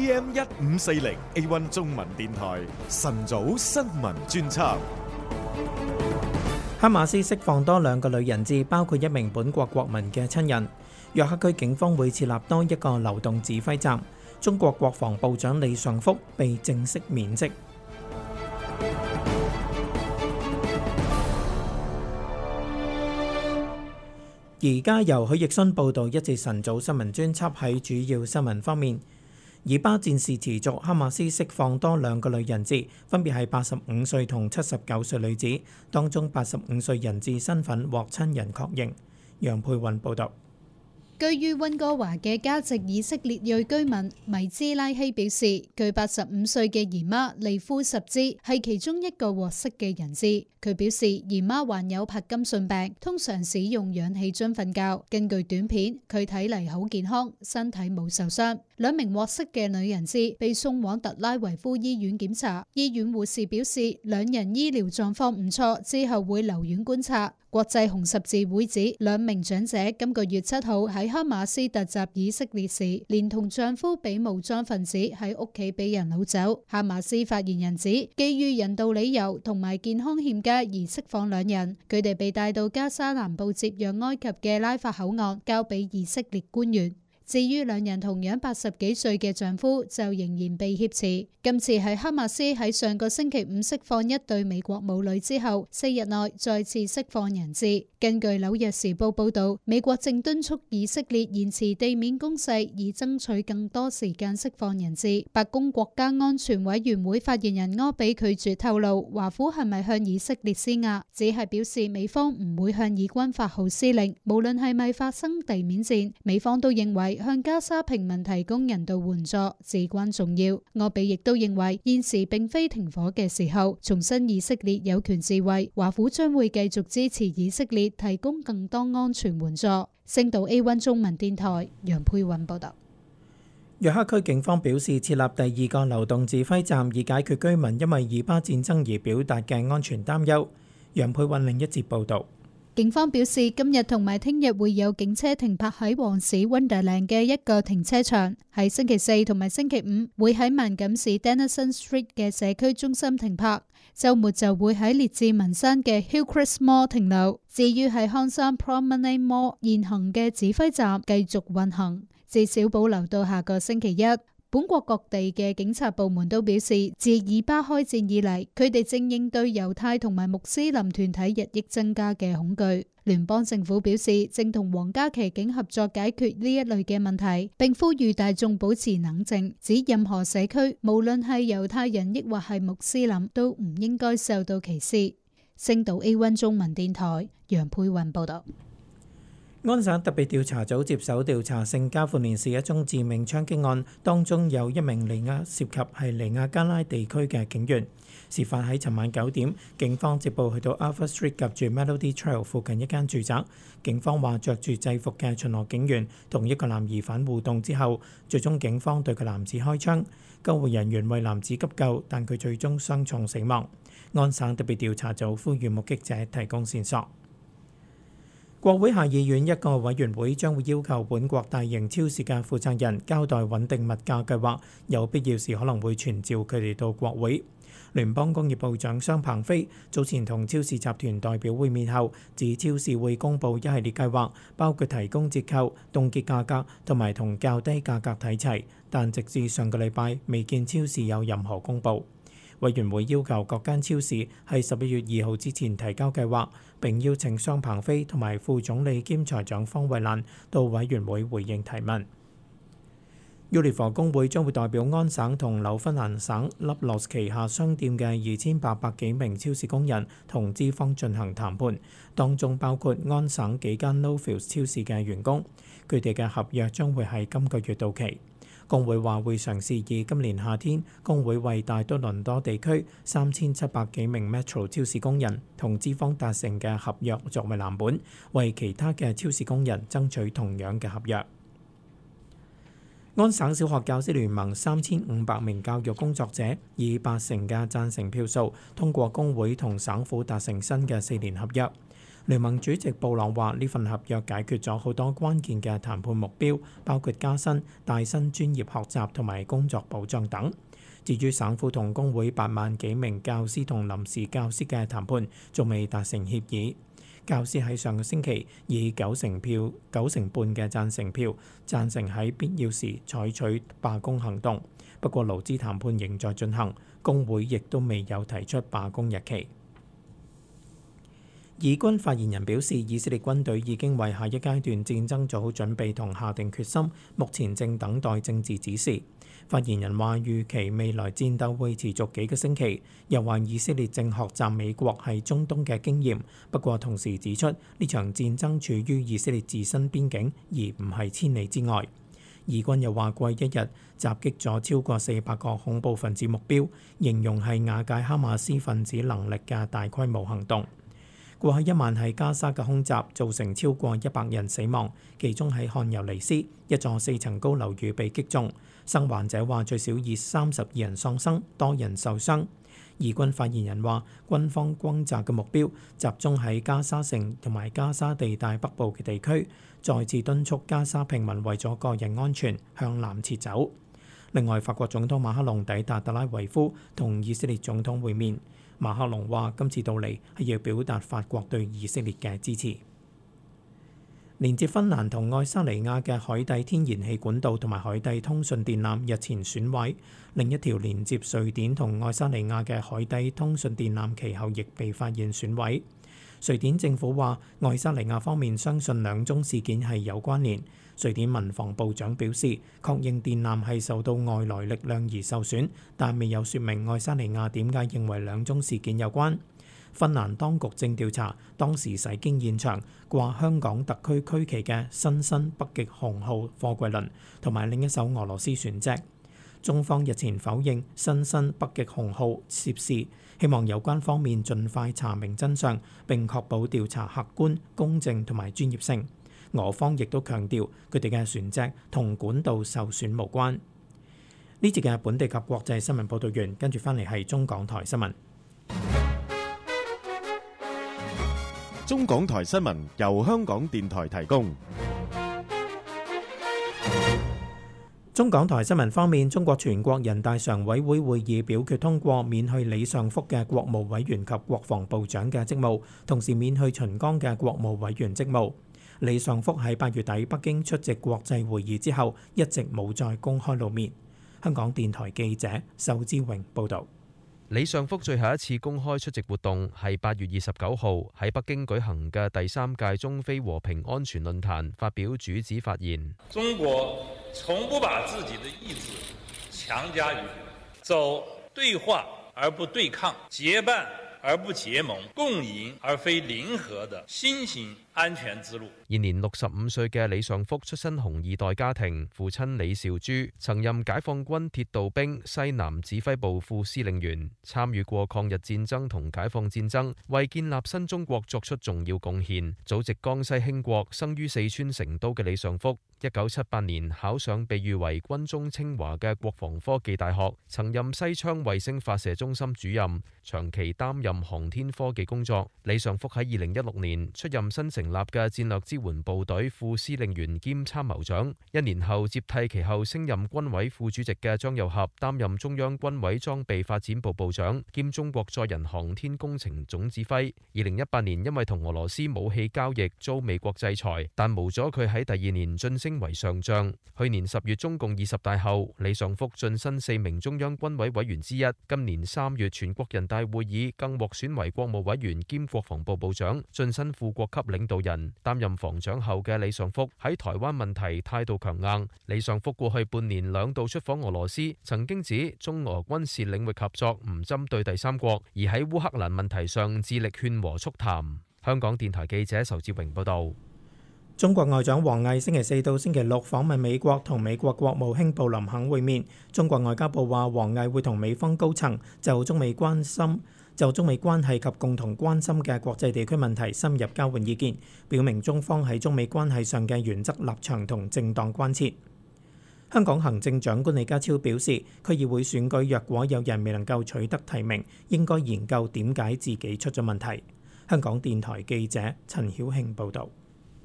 PM 一五四零 A1 中文電台晨早新聞專輯：哈馬斯釋放多兩個女人質，包括一名本國國民嘅親人。約克區警方會設立多一個流動指揮站。中國國防部長李尚福被正式免職。而家由許奕迅報道，一節晨早新聞專輯喺主要新聞方面。以巴戰事持續，哈馬斯釋放多兩個女人質，分別係八十五歲同七十九歲女子，當中八十五歲人質身份獲親人確認。楊佩雲報導。居於溫哥華嘅加籍以色列裔居民米茲拉希表示，佢八十五歲嘅姨媽利夫十字係其中一個獲釋嘅人質。佢表示，姨媽患有帕金遜病，通常使用氧氣樽瞓覺。根據短片，佢睇嚟好健康，身體冇受傷。兩名獲釋嘅女人質被送往特拉維夫醫院檢查。醫院護士表示，兩人醫療狀況唔錯，之後會留院觀察。國際紅十字會指，兩名長者今個月七號喺哈馬斯突襲以色列時，連同丈夫俾武裝分子喺屋企俾人擄走。哈馬斯發言人指，基於人道理由同埋健康欠佳而釋放兩人，佢哋被帶到加沙南部接壤埃，埃及嘅拉法口岸，交俾以色列官員。至於兩人同樣八十幾歲嘅丈夫就仍然被挾持，今次係哈馬斯喺上個星期五釋放一對美國母女之後，四日內再次釋放人質。根據《紐約時報》報導，美國正敦促以色列延遲地面攻勢，以爭取更多時間釋放人質。白宮國家安全委員會發言人柯比拒絕透露華府係咪向以色列施壓，只係表示美方唔會向以軍發號施令，無論係咪發生地面戰，美方都認為。向加沙平民提供人道援助至關重要。阿比亦都認為現時並非停火嘅時候，重申以色列有權自衛。華府將會繼續支持以色列，提供更多安全援助。星島 A1 中文電台楊佩韻報道。約克區警方表示設立第二個流動指揮站，以解決居民因為以巴戰爭而表達嘅安全擔憂。楊佩韻另一節報道。警方表示，今日同埋聽日會有警車停泊喺旺市 Wonderland 嘅一個停車場，喺星期四同埋星期五會喺萬錦市 Dennison Street 嘅社區中心停泊，周末就會喺列治文山嘅 Hillcrest Mall 停留。至於喺康山 Promenade Mall 現行嘅指揮站繼續運行，至少保留到下個星期一。本國各地嘅警察部門都表示，自以巴開戰以嚟，佢哋正應對猶太同埋穆斯林團體日益增加嘅恐懼。聯邦政府表示，正同皇家騎警合作解決呢一類嘅問題，並呼籲大眾保持冷靜，指任何社區，無論係猶太人抑或係穆斯林，都唔應該受到歧視。星島 A1 中文電台楊佩雲報道。安省特別調查組接手調查聖加富連市一宗致命槍擊案，當中有一名尼亞涉及係尼亞加拉地區嘅警員。事發喺尋晚九點，警方接報去到 Alpha Street 夾住 Melody Trail 附近一間住宅，警方話着住制服嘅巡邏警員同一個男疑犯互動之後，最終警方對個男子開槍。救護人員為男子急救，但佢最終傷重死亡。安省特別調查組呼籲目擊者提供線索。國會下議院一個委員會將會要求本國大型超市嘅負責人交代穩定物價計劃，有必要時可能會傳召佢哋到國會。聯邦工業部長商鵬飛早前同超市集團代表會面後，指超市會公布一系列計劃，包括提供折扣、凍結價格同埋同較低價格睇齊，但直至上個禮拜未見超市有任何公佈。委員會要求各間超市喺十一月二號之前提交計劃，並邀請商鵬飛同埋副總理兼財長方惠蘭到委員會回應提問。Unifor 工會將會代表安省同紐芬蘭省 Loblaws 旗下商店嘅二千八百幾名超市工人同資方進行談判，當中包括安省幾間 No Frills 超市嘅員工，佢哋嘅合約將會喺今個月到期。工會話會嘗試以今年夏天工會為大多倫多地區三千七百幾名 Metro 超市工人同資方達成嘅合約作為藍本，為其他嘅超市工人爭取同樣嘅合約。安省小學教師聯盟三千五百名教育工作者以八成嘅贊成票數通過工會同省府達成新嘅四年合約。聯盟主席布朗話：呢份合約解決咗好多關鍵嘅談判目標，包括加薪、帶薪專業學習同埋工作保障等。至於省府同工會八萬幾名教師同臨時教師嘅談判，仲未達成協議。教師喺上個星期以九成票、九成半嘅贊成票，贊成喺必要時採取罷工行動。不過勞資談判仍在進行，工會亦都未有提出罷工日期。以軍發言人表示，以色列軍隊已經為下一階段戰爭做好準備同下定決心，目前正等待政治指示。發言人話：預期未來戰鬥會持續幾個星期，又話以色列正學習美國喺中東嘅經驗。不過同時指出呢場戰爭處於以色列自身邊境，而唔係千里之外。以軍又話：過一日襲擊咗超過四百個恐怖分子目標，形容係瓦解哈馬斯分子能力嘅大規模行動。過去一晚喺加沙嘅空襲造成超過一百人死亡，其中喺汗尤尼斯一座四層高樓宇被擊中，生還者話最少以三十二人喪生，多人受傷。以軍發言人話，軍方轟炸嘅目標集中喺加沙城同埋加沙地帶北部嘅地區，再次敦促加沙平民為咗個人安全向南撤走。另外，法國總統馬克龍抵達特拉維夫同以色列總統會面。馬克龍話：今次到嚟係要表達法國對以色列嘅支持。連接芬蘭同愛沙尼亞嘅海底天然氣管道同埋海底通訊電纜日前損毀，另一條連接瑞典同愛沙尼亞嘅海底通訊電纜其後亦被發現損毀。瑞典政府話，愛沙尼亞方面相信兩宗事件係有關聯。瑞典民防部長表示，確認電纜係受到外來力量而受損，但未有説明愛沙尼亞點解認為兩宗事件有關。芬蘭當局正調查當時駛經現場掛香港特區區旗嘅新新北極熊號貨櫃輪，同埋另一艘俄羅斯船隻。中方日前否認新新北極熊號涉事，希望有關方面盡快查明真相，並確保調查客觀、公正同埋專業性。俄方亦都強調，佢哋嘅船隻同管道受損無關。呢節嘅本地及國際新聞報導員，跟住翻嚟係中港台新聞。中港台新聞由香港電台提供。中港台新聞方面，中國全國人大常委會會議表決通過免去李尚福嘅國務委員及國防部長嘅職務，同時免去秦剛嘅國務委員職務。李尚福喺八月底北京出席國際會議之後，一直冇再公開露面。香港電台記者秀之榮報導。李尚福最後一次公開出席活動係八月二十九號喺北京舉行嘅第三屆中非和平安全論壇發表主旨發言。中國，從不把自己的意志強加於人，走對話而不對抗，結伴而不結盟，共贏而非零和的新型安全之路。現年六十五歲嘅李尚福，出身紅二代家庭，父親李少珠曾任解放軍鐵道兵西南指揮部副司令員，參與過抗日戰爭同解放戰爭，為建立新中國作出重要貢獻。祖籍江西興國，生於四川成都嘅李尚福。一九七八年考上被譽為軍中清華嘅國防科技大學，曾任西昌衛星發射中心主任，長期擔任航天科技工作。李尚福喺二零一六年出任新成立嘅戰略支援部隊副司令員兼參謀長，一年後接替其後升任軍委副主席嘅張又俠，擔任中央軍委裝備發展部部長兼中國載人航天工程總指揮。二零一八年因為同俄羅斯武器交易遭美國制裁，但無咗佢喺第二年晉升。升為上將。去年十月中共二十大後，李尚福晉身四名中央軍委委員之一。今年三月全國人大會議更獲選為國務委員兼國防部部長，晉身副國級領導人。擔任防長後嘅李尚福喺台灣問題態度強硬。李尚福過去半年兩度出訪俄羅斯，曾經指中俄軍事領域合作唔針對第三國，而喺烏克蘭問題上致力勸和促談。香港電台記者仇志榮報道。中國外長王毅星期四到星期六訪問美國，同美國國務卿布林肯會面。中國外交部話，王毅會同美方高層就中美關心就中美關係及共同關心嘅國際地區問題深入交換意見，表明中方喺中美關係上嘅原則立場同正當關切。香港行政長官李家超表示，區議會選舉若果有人未能夠取得提名，應該研究點解自己出咗問題。香港電台記者陳曉慶報導。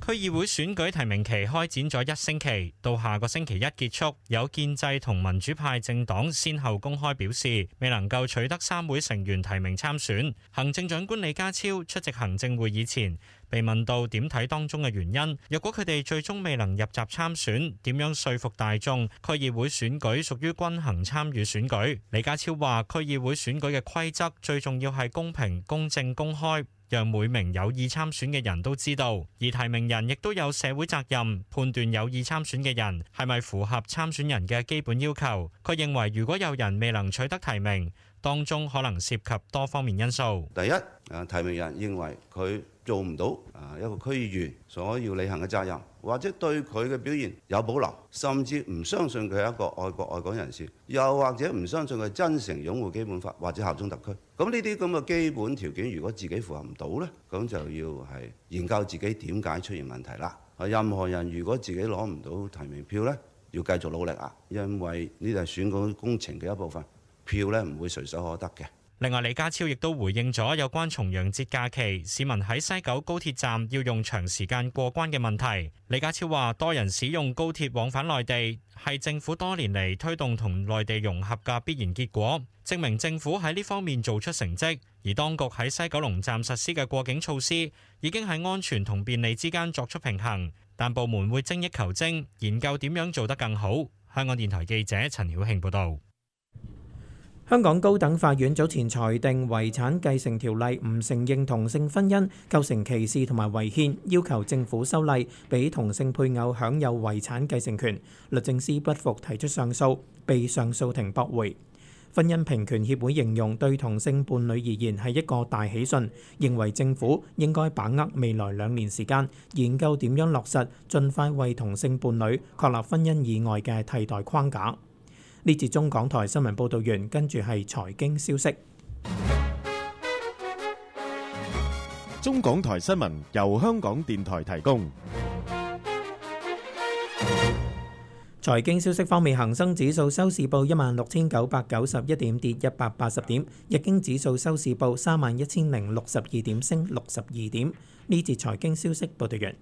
區議會選舉提名期開展咗一星期，到下個星期一結束，有建制同民主派政黨先後公開表示未能夠取得三會成員提名參選。行政長官李家超出席行政會議前，被問到點睇當中嘅原因。若果佢哋最終未能入閘參選，點樣説服大眾區議會選舉屬於均衡參與選舉？李家超話：區議會選舉嘅規則最重要係公平、公正、公開。讓每名有意參選嘅人都知道，而提名人亦都有社會責任，判斷有意參選嘅人係咪符合參選人嘅基本要求。佢認為，如果有人未能取得提名，當中可能涉及多方面因素。第一，提名人認為佢。做唔到啊，一個區議員所要履行嘅責任，或者對佢嘅表現有保留，甚至唔相信佢係一個愛國愛港人士，又或者唔相信佢真誠擁護基本法或者效忠特區。咁呢啲咁嘅基本條件，如果自己符合唔到呢，咁就要係研究自己點解出現問題啦。任何人如果自己攞唔到提名票呢，要繼續努力啊，因為呢就係選舉工程嘅一部分，票呢唔會隨手可得嘅。另外，李家超亦都回應咗有關重陽節假期市民喺西九高鐵站要用長時間過關嘅問題。李家超話多人使用高鐵往返內地，係政府多年嚟推動同內地融合嘅必然結果，證明政府喺呢方面做出成績，而當局喺西九龍站實施嘅過境措施，已經喺安全同便利之間作出平衡。但部門會精益求精，研究點樣做得更好。香港電台記者陳曉慶報道。香港高等法院早前裁定遺產繼承條例唔承認同性婚姻，構成歧視同埋違憲，要求政府修例，俾同性配偶享有遺產繼承權。律政司不服提出上訴，被上訴庭駁回。婚姻平權協會形容對同性伴侶而言係一個大喜訊，認為政府應該把握未來兩年時間，研究點樣落實，盡快為同性伴侶，確立婚姻以外嘅替代框架。呢節中港台新聞報道完，跟住係財經消息。中港台新聞由香港電台提供。財經消息方面，恒生指數收市報一萬六千九百九十一點，跌一百八十點；日經指數收市報三萬一千零六十二點，升六十二點。呢節財經消息報道完。